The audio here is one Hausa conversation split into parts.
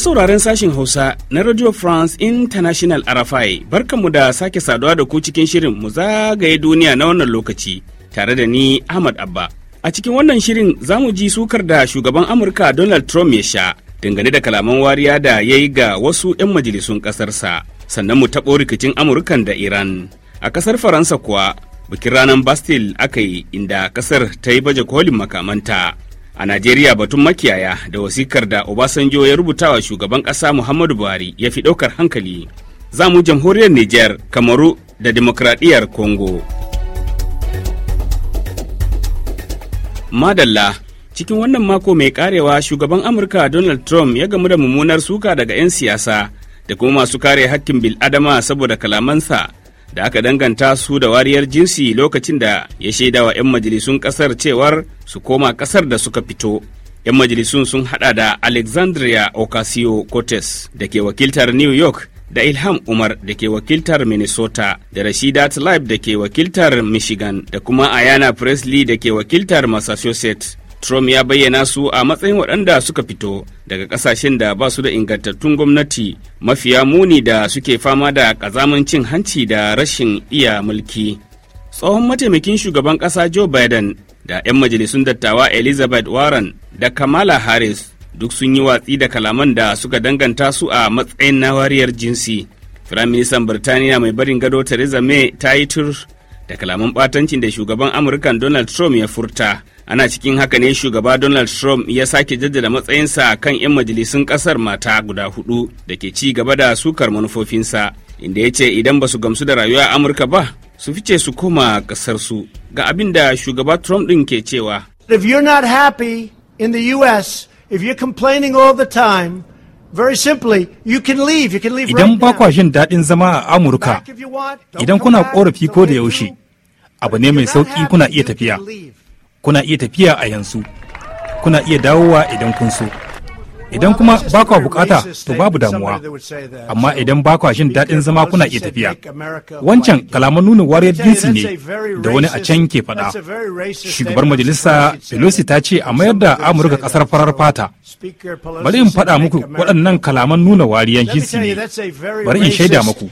masauraren sauraren sashin Hausa na Radio France International RFI, barkanmu da sake saduwa da ku cikin shirin mu zagaye duniya na wannan lokaci tare da ni Ahmad Abba. A cikin wannan shirin za mu ji sukar da shugaban Amurka Donald Trump ya sha dangane da kalaman wariya da ya yi ga wasu 'yan majalisun ƙasarsa, sannan mu taɓo rikicin Amurkan da Iran. A ƙasar Faransa kuwa, bikin ranar Bastille aka yi inda ƙasar ta yi baje kolin makamanta. A Najeriya batun makiyaya da wasikar da Obasanjo ya rubuta wa shugaban ƙasa Muhammadu Buhari ya fi ɗaukar hankali. Za mu jamhuriyar Nijar, Kamaru da demokradiyyar Kongo. Madalla cikin wannan mako mai karewa shugaban Amurka Donald Trump ya gamu da mummunar suka daga 'yan siyasa da kuma masu kare hakkin bil'adama saboda kalamansa da aka danganta su da wariyar jinsi lokacin da ya shaida wa 'yan majalisun kasar cewar su koma kasar da suka fito. 'Yan majalisun sun hada da Alexandria Ocasio Cortez da ke wakiltar New York da Ilham Umar da ke wakiltar Minnesota da Rashida Tlaib da ke wakiltar Michigan da kuma Ayana Presley da ke wakiltar Massachusetts. Trump ya bayyana su a matsayin waɗanda suka fito daga ƙasashen da ba su da ingantattun gwamnati mafiya muni da suke fama da ƙazamin cin hanci da rashin iya mulki. Tsohon mataimakin shugaban ƙasa Joe Biden da 'yan majalisun dattawa Elizabeth Warren da Kamala Harris duk sun yi watsi da kalaman da suka danganta su a matsayin na wariyar jinsi. Firaministan Birtaniya mai barin gado Theresa May ta yi tur da kalaman ɓatancin da shugaban Amurkan Donald Trump ya furta. ana cikin haka ne shugaba donald trump ya sake jaddada matsayinsa kan 'yan majalisun kasar mata guda hudu da ke ci gaba da sukar manufofinsa inda ya ce idan ba su gamsu da rayuwa amurka ba su fice su koma kasarsu ga abin da shugaba trump ɗin ke cewa if you're not happy in the us if you're complaining all the time Idan ba jin daɗin zama a Amurka, idan kuna ƙorafi ko da yaushe, abu ne mai sauƙi kuna iya tafiya. kuna iya tafiya a yanzu kuna iya dawowa idan kun so idan kuma ba kwa bukata to babu damuwa amma idan ba kwa jin daɗin zama kuna iya tafiya wancan kalaman nuna wariyar jinsi ne da wani a can ke faɗa shugabar majalisa pelosi ta ce a mayar da amurka kasar farar fata bari in faɗa muku waɗannan kalaman nuna wariyar jinsi ne bari in shaida muku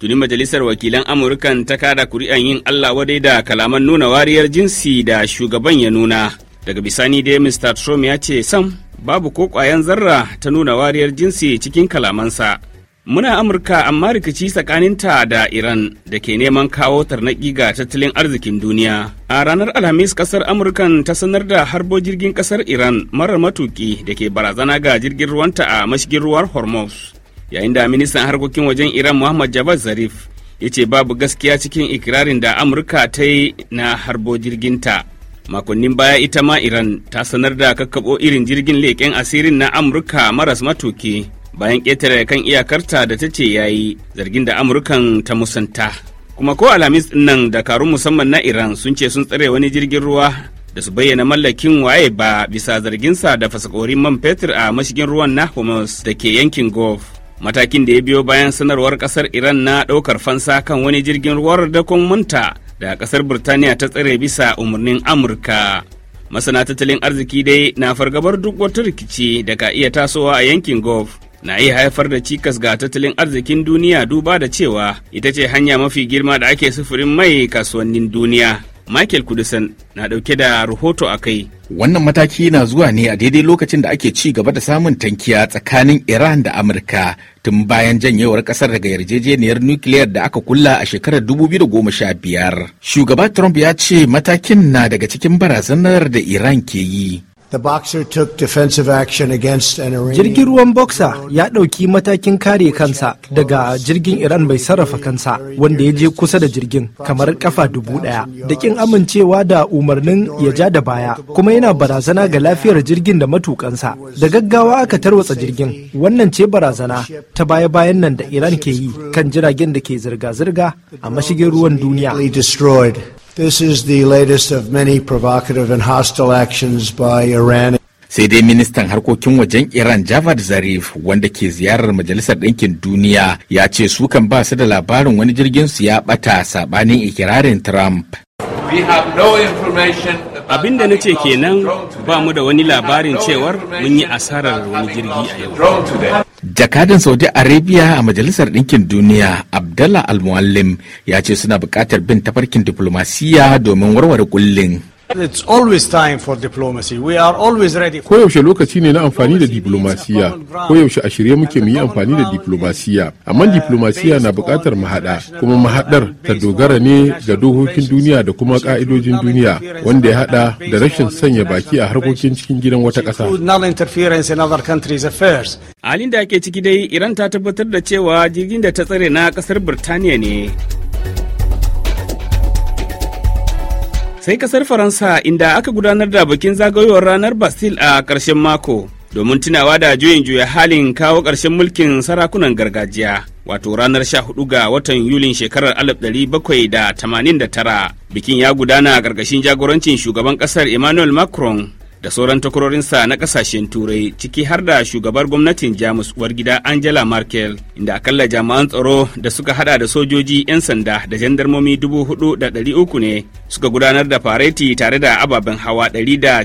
tuni majalisar wakilan amurkan ta kada kuri'an yin allah wadai da kalaman nuna wariyar jinsi da shugaban ya nuna daga bisani dai mr trump ya ce sam babu ko kwayan zarra ta nuna wariyar jinsi cikin kalamansa muna amurka amma rikici tsakaninta da iran da ke neman kawo tarnaki ga tattalin arzikin duniya a ranar alhamis kasar amurkan ta sanar da harbo jirgin kasar iran marar matuki da ke barazana ga jirgin ruwanta a mashigin ruwan hormuz yayin da ministan harkokin wajen iran muhammad javad zarif ya ce babu gaskiya cikin ikirarin da amurka ta yi na harbo jirginta makonnin baya ita ma iran ta sanar da kakkaɓo irin jirgin leƙen asirin na amurka maras matuki bayan ƙetare kan iyakarta da ta ce ya yi zargin da amurkan ta musanta kuma ko alhamis nan dakarun musamman na iran sun ce sun tsare wani jirgin ruwa da su bayyana mallakin waye ba bisa zarginsa da fasakorin man fetur a mashigin ruwan na da ke yankin Gulf. Matakin da ya biyo bayan sanarwar kasar Iran na ɗaukar fansa kan wani jirgin ruwar kun manta da kasar Birtaniya ta tsare bisa umarnin Amurka. Masana tattalin arziki dai na fargabar duk wata rikici da ka iya tasowa a yankin Gulf. na iya haifar da cikas ga tattalin arzikin duniya duba da cewa ita ce hanya mafi girma da ake sufurin mai kasuwannin duniya. Michael Kudusan na ɗauke da rahoto a kai. Wannan mataki na zuwa ne a daidai lokacin da ake ci gaba da samun tankiya tsakanin Iran da Amurka tun bayan janyewar ƙasar daga yarjejeniyar nukiliyar da aka kulla a shekarar 2015. Shugaba Trump ya ce matakin na daga cikin barazanar da Iran ke yi. Jirgin ruwan Boxer ya ɗauki matakin kare kansa daga jirgin Iran mai sarrafa kansa wanda ya je kusa da jirgin kamar kafa dubu ɗaya da kin amincewa da umarnin ya ja da baya kuma yana barazana ga lafiyar jirgin da matukansa. Da gaggawa aka tarwatsa jirgin wannan ce barazana ta baya-bayan nan da Iran ke yi kan jiragen da ke zirga-zirga a mashigin ruwan duniya. of the actions. Sai dai ministan harkokin wajen Iran Javad Zarif wanda ke ziyarar Majalisar Ɗinkin Duniya ya ce su kan ba su da labarin wani jirgin su ya ɓata saɓanin ikirarin Trump. Abin da na ce kenan ba mu da wani labarin cewar mun yi asarar wani jirgi a yau. jakadan saudi arabia a majalisar ɗinkin duniya abdallah almuallim ya ce suna buƙatar bin tafarkin diplomasiya domin warware kullin Koyaushe lokaci ne na amfani da diplomasiya. Koyaushe a shirye muke mu yi amfani da diplomasiya. Amma uh, diplomasiya na bukatar mahaɗa, kuma mahaɗar ta dogara ne ga dokokin duniya da kuma ƙa'idojin duniya, wanda ya haɗa da rashin sanya baki a harkokin cikin gidan wata ƙasa. Halin da ake ciki dai, Iran ta tabbatar da cewa jirgin da ta tsare na ƙasar Birtaniya ne. sai kasar faransa inda aka gudanar da bikin zagayowar ranar bastille a ƙarshen mako domin tunawa da juyin juya halin kawo ƙarshen mulkin sarakunan gargajiya wato ranar hudu ga watan yulin shekarar bakwai da da tamanin tara bikin ya gudana a ƙarƙashin jagorancin shugaban ƙasar emmanuel macron da sauran takwarorinsa na kasashen turai ciki har da shugabar gwamnatin jamus uwar gida angela merkel inda akalla jami'an tsaro da suka hada da sojoji 'yan sanda da jandarmomi uku ne suka gudanar da fareti tare da ababen hawa da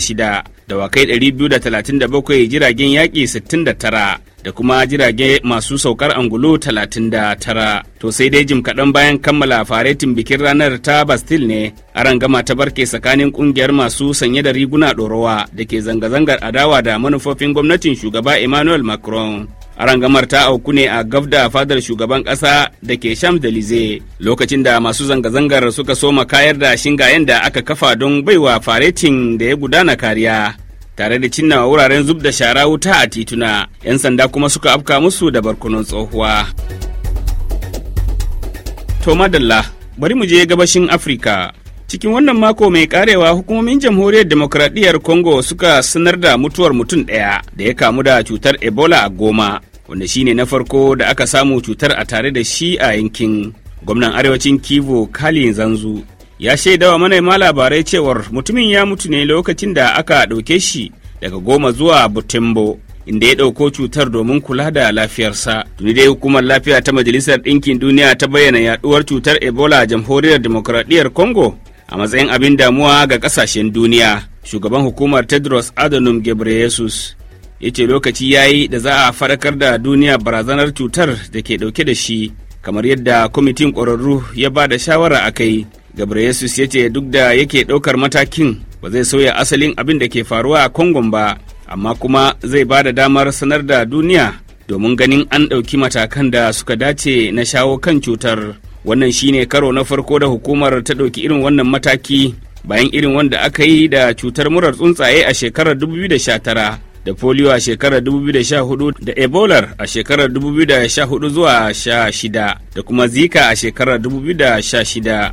shida. dawakai 237 jiragen yaƙi 69 da kuma jirage masu saukar angulo 39 to sai dai jim kaɗan bayan kammala faretin bikin ranar ta bastil ne a gama ta barke tsakanin ƙungiyar masu sanye da riguna ɗorowa da ke zanga-zangar adawa da manufofin gwamnatin shugaba emmanuel macron rangamar ta auku ne a gabda fadar shugaban kasa da ke sham dalize lokacin da masu zanga-zangar suka soma kayar da shingayen da aka kafa don baiwa faretin da ya gudana kariya tare da cinna wuraren zub da shara wuta a tituna 'yan sanda kuma suka afka musu da barkunan tsohuwa to madalla bari mu je gabashin afirka cikin wannan mako mai karewa hukumomin jamhuriyar demokradiyyar congo suka sanar da mutuwar mutum ɗaya da ya kamu da cutar ebola a goma wanda shine na farko da aka samu cutar a tare da shi a yankin gwamnan arewacin kivu kali zanzu ya shaidawa ma labarai cewar mutumin ya mutu ne lokacin da aka ɗauke shi daga goma zuwa butembo inda ya ɗauko cutar domin kula da lafiyarsa. Tuni dai hukumar lafiya ta Majalisar Ɗinkin Duniya ta bayyana yaɗuwar cutar Ebola a jamhuriyar demokradiyyar Congo a matsayin abin damuwa ga kasashen duniya shugaban hukumar tedros adhanom ghebreyesus ya ce lokaci ya yi da za a faɗakar da duniya barazanar cutar da ke ɗauke da shi kamar yadda kwamitin ƙwararru ya ba da shawara a kai ghebreyesus ya ce duk da yake ɗaukar matakin ba zai sauya asalin abin da ke faruwa a kongon ba amma kuma zai ba da damar sanar da duniya domin ganin an ɗauki matakan da suka dace na shawo kan cutar. wannan shine karo na farko da hukumar ta ɗauki irin wannan mataki bayan irin wanda aka yi da cutar murar tsuntsaye a shekarar 2019 da polio a shekarar 2014 da ebola a shekarar 2014 zuwa 16 da kuma zika a shekarar 2016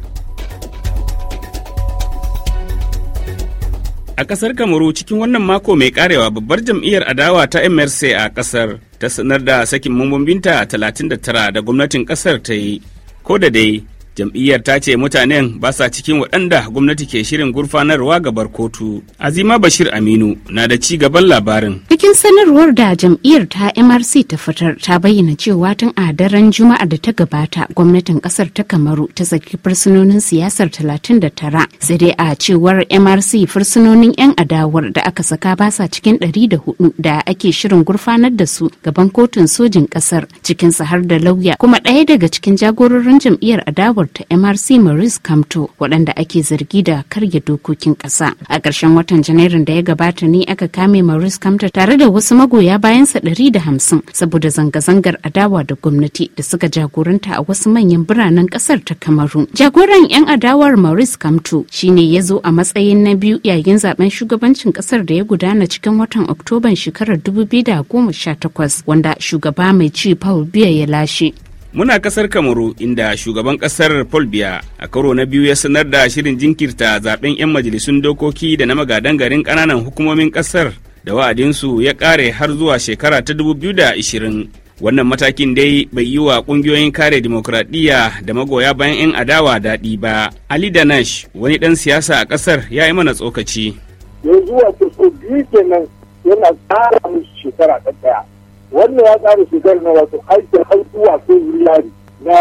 a kasar kamaru cikin wannan mako mai karewa babbar jam'iyyar adawa ta mrc a kasar ta sanar da sakin mambobinta 39 da gwamnatin kasar ta yi ko da dai jam'iyyar ta ce mutanen ba sa cikin waɗanda gwamnati ke shirin gurfanarwa gabar kotu azima bashir aminu na da ci gaban labarin cikin sanarwar da jam'iyyar ta mrc ta fitar ta bayyana cewa tun a daren juma'a da ta gabata gwamnatin kasar ta kamaru ta saki fursunonin siyasar 39 sai dai a cewar mrc fursunonin yan adawar da aka saka ba sa cikin 104 da ake shirin gurfanar da su gaban kotun sojin kasar su har da lauya kuma ɗaya daga cikin jagororin jam'iyyar adawar Transport ta MRC Maurice Kamto waɗanda ake zargi da karya dokokin ƙasa. A ƙarshen watan Janairun da ya gabata ne aka kame Maurice Kamto tare da wasu magoya bayansa ɗari da hamsin saboda zanga-zangar adawa da gwamnati da suka jagoranta a wasu manyan biranen ƙasar ta Kamaru. Jagoran 'yan adawar Maurice Kamto shine ya zo a matsayin na biyu yayin zaben shugabancin ƙasar da ya gudana cikin watan Oktoban shekarar 2018 wanda shugaba mai ci Paul Biya ya lashe. Muna kasar Kamaru inda shugaban kasar Paul Biya a karo na biyu ya sanar da shirin jinkirta zaben 'yan majalisun dokoki da na magadan garin ƙananan hukumomin kasar da wa'adinsu ya ƙare har zuwa shekara ta 2020. Wannan matakin dai bai yi wa ƙungiyoyin kare dimokuraɗiyya da magoya bayan 'yan adawa daɗi ba. Ali Danash wani ɗan siyasa a ƙasar ya yi mana tsokaci. Yanzu wato biyu kenan yana tsara musu shekara ɗaya. wannan ya tsara shekarar na wato aiki har zuwa ko miliyari na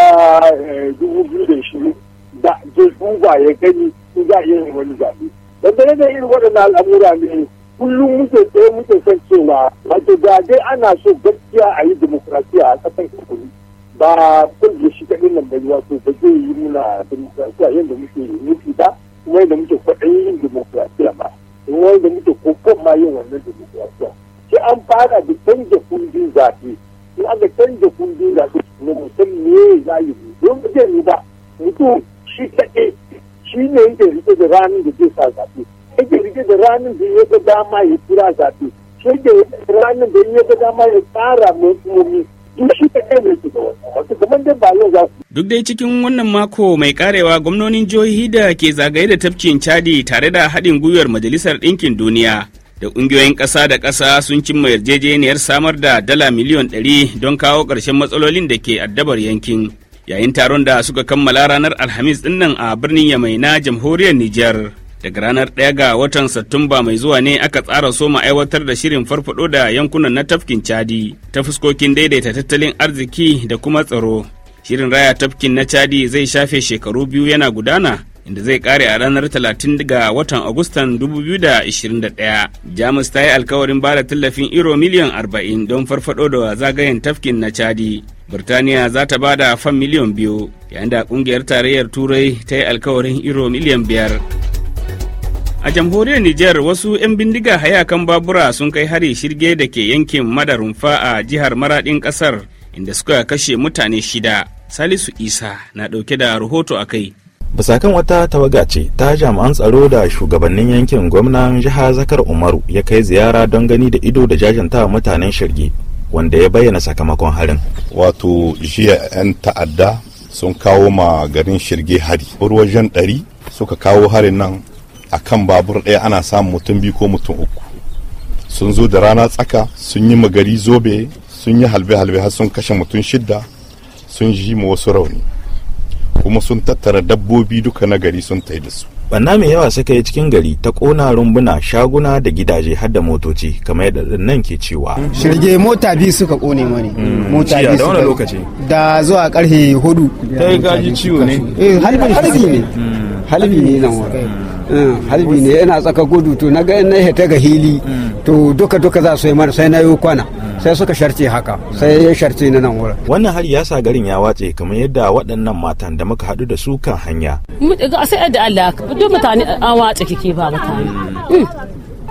eh, dubu biyu da shi da ke duba ya gani in za a iya wani zaɓe. Dangane da irin waɗannan al'amura ne kullum muke tsaye muke son cewa wato da dai ana so gaskiya a yi demokrasiya a ƙasar kakuri ba kun da shi kaɗin nan bai wato ba zai yi muna demokrasiya yadda muke nufi ba kuma yadda muke kwaɗayin yin demokrasiya ba kuma yadda muke kokon ma yin wannan demokrasiya. sai an fara da canja kundin zaɓe in aka canja kundin zaɓe na mutum ne za yi don ba zai yi ba mutum shi kaɗe shi ne yake rike da ranar da zai sa zaɓe yake rike da ranar da ya ga dama ya kira zaɓe shi yake ranar da ya ga dama ya tsara mutumomi Duk dai cikin wannan mako mai karewa gwamnonin jihohi da ke zagaye da tafkin Chadi tare da haɗin gwiwar Majalisar Ɗinkin Duniya da ƙungiyoyin ƙasa da ƙasa sun cimma yarjejeniyar samar da dala miliyon ɗari don kawo ƙarshen matsalolin da ke addabar yankin yayin taron da suka kammala ranar alhamis dinnan a birnin yamai na jamhuriyar nijar daga ranar ɗaya ga watan satumba mai zuwa ne aka tsara soma aiwatar da shirin farfaɗo da yankunan na tafkin chadi ta fuskokin daidaita tattalin arziki da kuma tsaro shirin raya tafkin na chadi zai shafe shekaru biyu yana gudana inda zai kare a ranar 30 ga watan Agustan 2021. Jamus ta yi alkawarin bada tallafin euro miliyan 40 don farfado da zagayen tafkin na Chadi. Birtaniya za ta da fan miliyan biyu yayin da kungiyar tarayyar Turai ta yi alkawarin euro miliyan biyar. A jamhuriyar Nijar wasu 'yan bindiga hayakan babura sun kai hari shirge da ke yankin rumfa a jihar maradin ƙasar, inda suka kashe mutane shida. Salisu Isa na ɗauke da rahoto a kai. kan wata tawaga ce ta jami'an tsaro da shugabannin yankin gwamnan jihar zakar umaru ya kai ziyara don gani da ido da jajanta mutanen shirge wanda ya bayyana sakamakon harin wato jiya 'yan ta'adda sun kawo ma garin shirge hari wajen ɗari suka kawo harin nan a kan babur ɗaya ana samun mutum biyu ko mutum uku sun zo da rana tsaka sun yi magari zobe sun yi halbe-halbe har sun kashe mutum shidda sun ji ma wasu rauni kuma sun tattara dabbobi duka na gari sun taida da su banna mai yawa suka yi cikin gari ta kona rumbuna shaguna da gidaje har da motoci kamar yadda nan ke cewa shirge mota biyu suka ƙone mani hmm. mota biyu da lokaci da zuwa karfe hudu ta yi gaji ciwo ne eh halbi ne hmm. halbi ne nan hmm. Eh, halbi ne yana tsaka gudu to naga in na ta ga hili to duka duka za su yi mara sai na yi kwana sai suka sharce haka sai ya sharce na nan wurin wannan hari ya sa garin ya wace kamar yadda waɗannan matan da muka haɗu da su kan hanya sai da Allah duk mutane an wace kike ba mutane hmm. Hmm.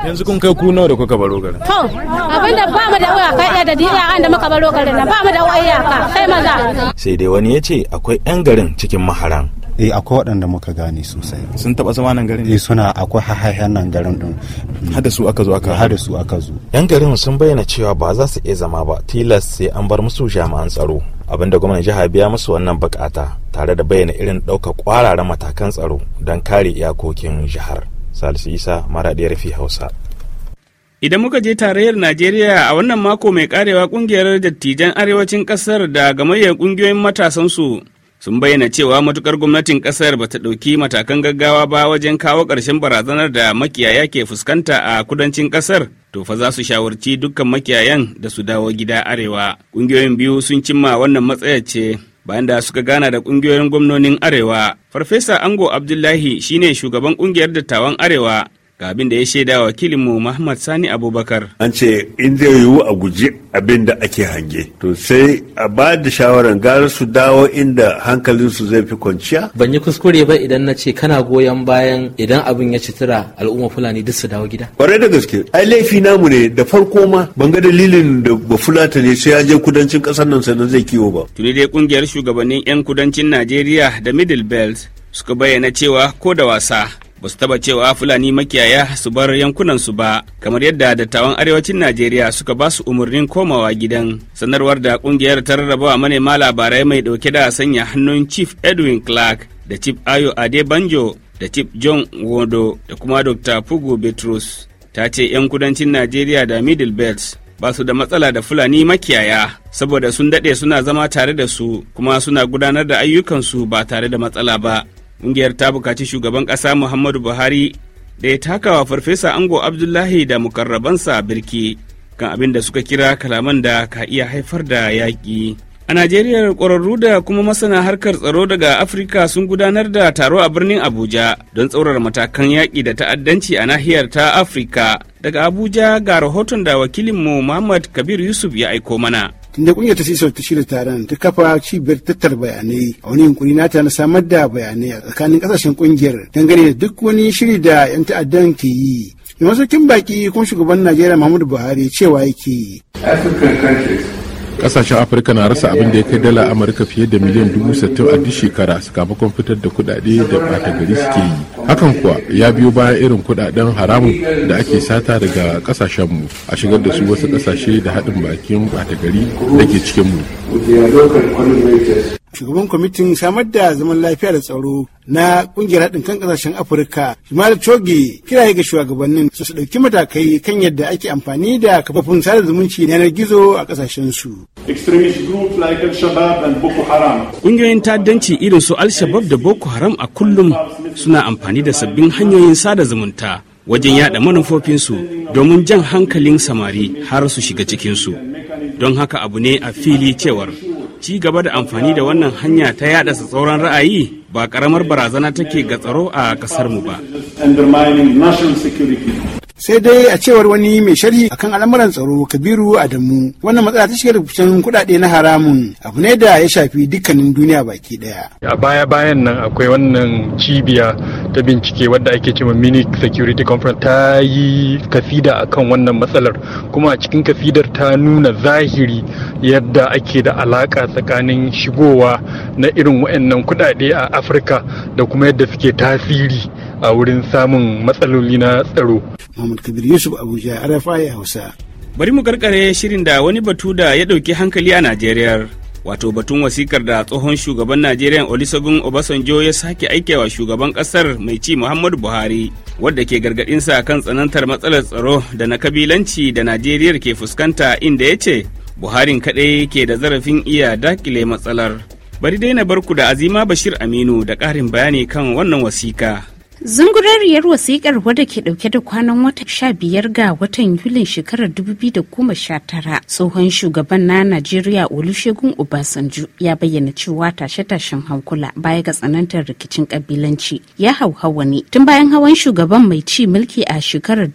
yanzu kun kai ku da kuka baro garin to abin da ba mu da iyaka iya da diya an da muka baro garin nan ba mu da ka sai maza sai dai wani ya ce akwai yan garin cikin maharan eh akwai waɗanda muka gane sosai sun taɓa zama nan garin eh suna akwai hahahen nan garin din hada hmm. su aka zo aka hada su aka zo yan garin sun bayyana cewa ba za su iya zama ba tilas sai an bar musu jami'an tsaro Abin da gwamnan jiha biya musu wannan bukata tare da bayyana irin ɗaukar kwararen matakan tsaro don kare iyakokin jihar salisu isa maraɗi rafi hausa Idan muka je tarayyar Najeriya a wannan mako mai karewa kungiyar dattijan arewacin kasar da gamayyar kungiyoyin matasansu sun bayyana cewa matukar gwamnatin kasar ba ta ɗauki matakan gaggawa ba wajen kawo ƙarshen barazanar da makiyaya ke fuskanta a kudancin kasar to fa za su shawarci dukkan makiyayan da su dawo gida arewa. ƙungiyoyin biyu sun cimma wannan matsayar ce bayan da suka gana da kungiyoyin gwamnonin arewa farfesa ango abdullahi shine shugaban kungiyar dattawan arewa ga abin da ya shaida mu Muhammad Sani Abubakar. An ce in zai yiwu a guji abin da ake hange. To sai a ba da shawaran gara su dawo inda hankalinsu zai fi kwanciya. Ban yi kuskure ba idan na ce kana goyon bayan idan abin ya ci al'umma Fulani duk su dawo gida. Kwarai da gaske. Ai laifi namu ne da farko ma ban ga dalilin da ba Fulata ne sai ya je kudancin ƙasar nan sannan zai kiwo ba. Tuni dai kungiyar shugabannin 'yan kudancin Najeriya da Middle Belt suka bayyana cewa ko da wasa ba su taba cewa fulani makiyaya su bar yankunansu ba kamar yadda dattawan arewacin najeriya suka ba su umarnin komawa gidan sanarwar da kungiyar ta rarrabawa manema labarai mai dauke da sanya hannun chief edwin clark da chief ayo adebanjo da chief john wodo da kuma dr pugu petrus ta ce 'yan kudancin najeriya da middle belt ba su da matsala da fulani makiyaya saboda sun daɗe suna zama tare da su kuma suna gudanar da ayyukansu ba tare da matsala ba ƙungiyar ta bukaci shugaban ƙasa muhammadu buhari da ya takawa farfesa ango abdullahi da mukarrabansa birki kan abin da suka kira kalaman da ka iya haifar da yaƙi a najeriya ƙwararru da kuma masana harkar tsaro daga afirka sun gudanar da taro a birnin abuja don tsaurar matakan yaƙi da ta'addanci a nahiyar ta afirka daga abuja ga rahoton da wakilinmu muhammad kabir yusuf ya aiko mana tunda kungiyar ta sisa ta shirya taron ta kafa cibiyar tattara bayanai a wani yunkuri nata na samar da bayanai a tsakanin kasashen kungiyar dangane da duk wani shiri da 'yan ta'addan ke yi da masaukin baki kuma shugaban najeriya muhammadu buhari cewa yake african countries kasashen afirka na rasa abin da ya kai dala amurka fiye da miliyan dubu a duk shekara sakamakon fitar da kudade da bata gari suke yi hakan kuwa ya biyo bayan irin kudaden haramun da ake sata daga kasashenmu a shigar da su wasu kasashe da haɗin bakin bata gari da ke cikinmu shugaban kwamitin samar da zaman lafiya da tsaro na kungiyar haɗin kan ƙasashen afirka jamal Coge, kiraye ga shugabannin su su ɗauki matakai kan yadda ake amfani da kafafun sada zumunci na yanar gizo a ƙasashen su ƙungiyoyin ta'addanci irin su al-shabab da boko haram a kullum suna amfani da sabbin hanyoyin sada zumunta wajen yada manufofinsu domin jan hankalin samari har su shiga cikinsu don haka abu ne a fili cewar ci gaba da amfani da wannan hanya ta yada tsauran ra'ayi ba ƙaramar barazana take ga tsaro a mu ba. sai dai a cewar wani mai sharhi akan al'amuran tsaro kabiru adamu wannan matsala ta shiga rubutun kuɗaɗe na haramun abu ne da ya shafi dukkanin duniya baki ɗaya a baya bayan nan akwai wannan cibiya ta bincike wadda ake cewa mini security conference ta yi kasida akan wannan matsalar kuma a cikin kasidar ta nuna zahiri yadda ake da alaka tsakanin shigowa na irin wa'annan kuɗaɗe a afirka da kuma yadda suke tasiri a wurin samun matsaloli na tsaro Muhammad Kabir Yusuf Abuja RFI Hausa. Bari mu karkare shirin da wani batu da ya ɗauki hankali a Najeriya. Wato batun wasikar da tsohon shugaban Najeriya Olusegun Obasanjo ya sake aikewa shugaban ƙasar mai ci Muhammadu Buhari wadda ke gargaɗinsa kan tsanantar matsalar tsaro da na kabilanci da Najeriya ke fuskanta inda ya ce Buharin kaɗai ke da zarafin iya dakile matsalar. Bari dai na barku da Azima Bashir Aminu da ƙarin bayani kan wannan wasika. Zungurariyar wasikar wadda ke dauke da kwanan wata sha biyar ga watan Yulin shekarar sha tara tsohon shugaban na Najeriya Olusegun Obasanjo ya bayyana cewa tashe-tashen hankula baya ga tsanantar rikicin kabilanci ya hau hawa ne tun bayan hawan shugaban mai ci mulki a shekarar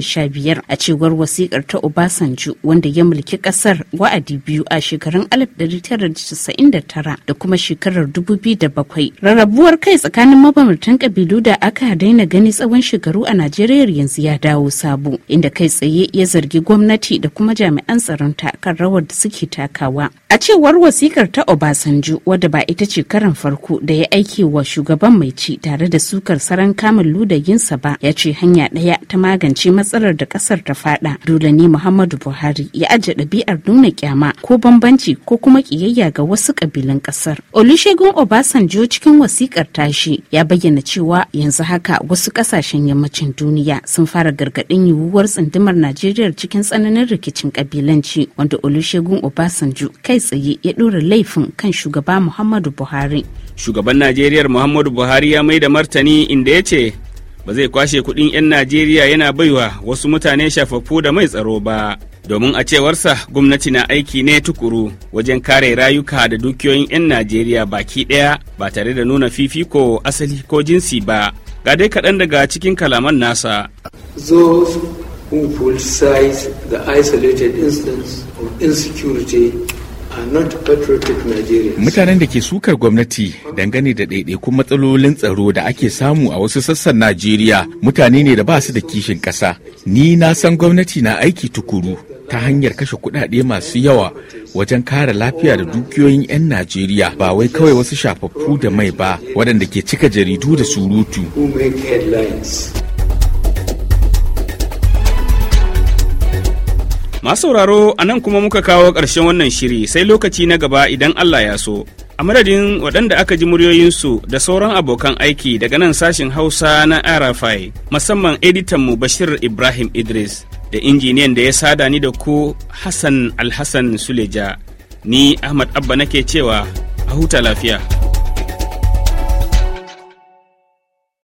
sha biyar a cewar wasikar ta Obasanjo wanda ya mulki kasar wa'adi biyu a shekarun 1999 da tara da kuma shekarar da bakwai rarrabuwar kai tsakanin mabambantan kabilu Shaidu da aka daina gani tsawon shekaru a najeriya yanzu ya dawo sabo inda kai tsaye ya zargi gwamnati da kuma jami'an tsaronta kan rawar da suke takawa a cewar wasikar ta obasanjo wadda ba ita ce karan farko da ya aike wa shugaban mai ci tare da sukar saran kamun ludayinsa ba ya ce hanya ɗaya ta magance matsalar da ƙasar ta faɗa dole ne muhammadu buhari ya aje ɗabi'ar nuna kyama ko bambanci ko kuma ƙiyayya ga wasu ƙabilun ƙasar olusegun obasanjo cikin wasikar tashi ya bayyana cewa yanzu haka wasu kasashen yammacin duniya sun fara gargaɗin yiwuwar tsundumar najeriya cikin tsananin rikicin kabilanci wanda olusegun obasanjo kai tsaye ya ɗora laifin kan shugaba muhammadu buhari shugaban najeriya muhammadu buhari ya mai da martani inda ya ce ba zai kwashe kuɗin 'yan najeriya yana baiwa wasu mutane shafaffu da mai tsaro ba domin a cewarsa gwamnati na aiki ne tukuru wajen kare rayuka da dukiyoyin 'yan najeriya baki ɗaya ba tare da nuna fifiko asali ko jinsi ba ga dai kaɗan daga cikin kalaman nasa Those who politicize the isolated instance of insecurity Mutanen da ke sukar gwamnati dangane da ɗaiɗaikun matsalolin tsaro da ake samu a wasu sassan Najeriya mutane ne da ba su da kishin ƙasa. Ni na san gwamnati na aiki tukuru ta hanyar kashe kuɗaɗe masu yawa wajen kare lafiya da dukiyoyin 'yan Najeriya ba wai kawai wasu shafaffu da mai ba waɗanda ke cika jaridu da surutu. Masu sauraro a nan kuma muka kawo ƙarshen wannan shiri sai lokaci na gaba idan Allah ya so. A madadin waɗanda aka ji muryoyinsu da sauran abokan aiki daga nan sashen Hausa na Arafai musamman editanmu Bashir Ibrahim Idris da injiniyan da ya sada ni da ku Hassan Alhassan Suleja. Ni Ahmad Abba nake cewa a huta lafiya.